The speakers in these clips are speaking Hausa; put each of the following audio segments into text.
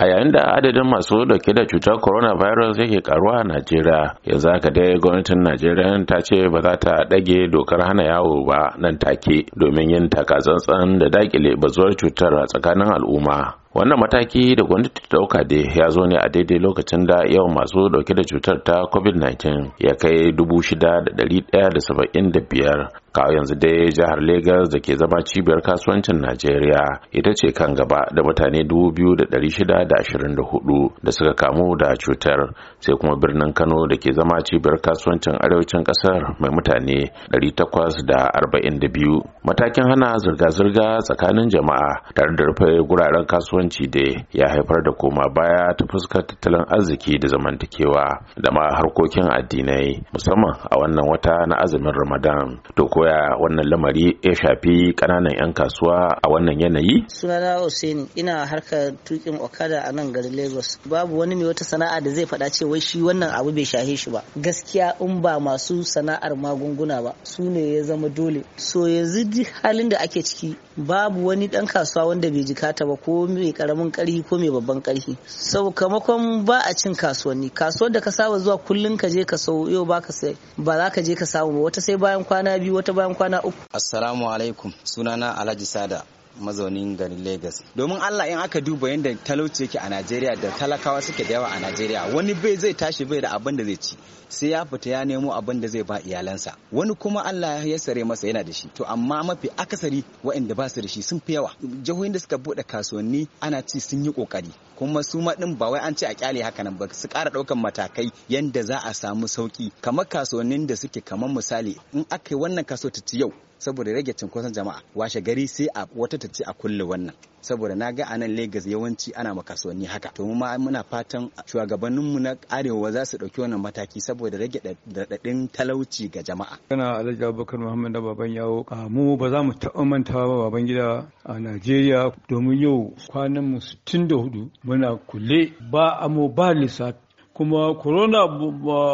a yayin da adadin masu dauke da cutar coronavirus yake karuwa a najeriya yanzu haka dai gwamnatin najeriya ta ce ba za ta dage dokar hana yawo ba nan take domin yin takatsantsan da dakile bazuwar cutar a tsakanin al'umma wannan mataki da gwamnati ta dauka da ya zo ne a daidai lokacin da yawan masu dauke da cutar ta covid-19 ya kai 6,175 kawo yanzu dai jihar lagos da ke zama cibiyar kasuwancin najeriya ita ce kan gaba da mutane 2,624 da suka kamu da cutar sai kuma birnin kano da ke zama cibiyar kasuwancin arewacin kasar mai mutane 842 matakin hana zirga-zirga tsakanin jama'a tare da rufe guraren kasuwanci kasuwanci da ya haifar da koma baya ta fuskar tattalin arziki da zamantakewa da ma harkokin addinai musamman a wannan wata na azumin ramadan to koya wannan lamari ya shafi kananan 'yan kasuwa a wannan yanayi sunana hussein ina harkar tukin okada a nan garin lagos babu wani ne wata sana'a da zai faɗa cewa shi wannan abu bai shahe shi ba gaskiya in ba masu sana'ar magunguna ba su ne ya zama dole so yanzu halin da ake ciki babu wani ɗan kasuwa wanda bai jikata ba ko mai mai karamin karfi ko mai babban karfi sakamakon ba a cin kasuwanni kasuwar da ka saba zuwa kullum ka je ka sau yau ba ka sai ba za ka je ka samu ba wata sai bayan kwana biyu wata bayan kwana uku assalamu alaikum sunana alhaji sada mazaunin garin Legas. Domin Allah in aka duba yadda talauci yake a Najeriya da talakawa suke da yawa a Najeriya wani bai zai tashi bai da abin da zai ci sai ya fita ya nemo abin da zai ba iyalansa wani kuma Allah ya sare masa yana da shi to amma mafi akasari waɗanda ba su da shi sun fi yawa jihohin da suka buɗe kasuwanni ana ci sun yi kokari kuma su ma ɗin ba wai an ce a kyale haka nan ba su ƙara ɗaukan matakai yadda za a samu sauki kamar kasuwannin da suke kamar misali in aka yi wannan kaso ta ci yau saboda rage cinkoson jama'a washe gari sai a wata ta ce a kulle wannan saboda na ga anan Legas yawanci ana kasuwanni haka to mu ma muna fatan shugabanninmu na arewa za su ɗauki wannan mataki saboda rage dadadin talauci ga jama'a kana alhaji abubakar muhammad da baban yawo mu ba za mu taɓa mantawa ba baban gida a najeriya domin yau kwanan mu 64 muna kulle ba amo ba lissafi kuma corona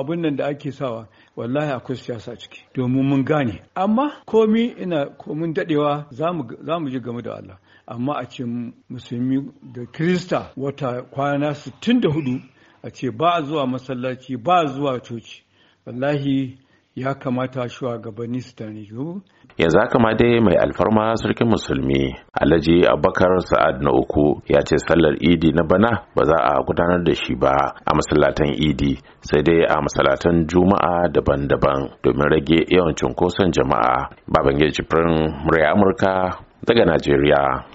abin nan da ake sawa wallahi akwai siyasa ciki domin mun gane amma komi ina komin dadewa za mu ji game da Allah amma a ce musulmi da krista wata kwana 64 a ce ba zuwa masallaci ba zuwa coci wallahi ya kamata shugabanni su taniju. Yanzu haka ma dai mai alfarma sarkin musulmi Alhaji Abubakar Sa'ad na uku ya ce sallar Idi na bana ba za a gudanar da shi ba a masallatan Idi sai dai a masallatan Juma'a daban-daban domin rage yawan cunkoson jama'a. Babangida Jibrin murya Amurka daga Najeriya.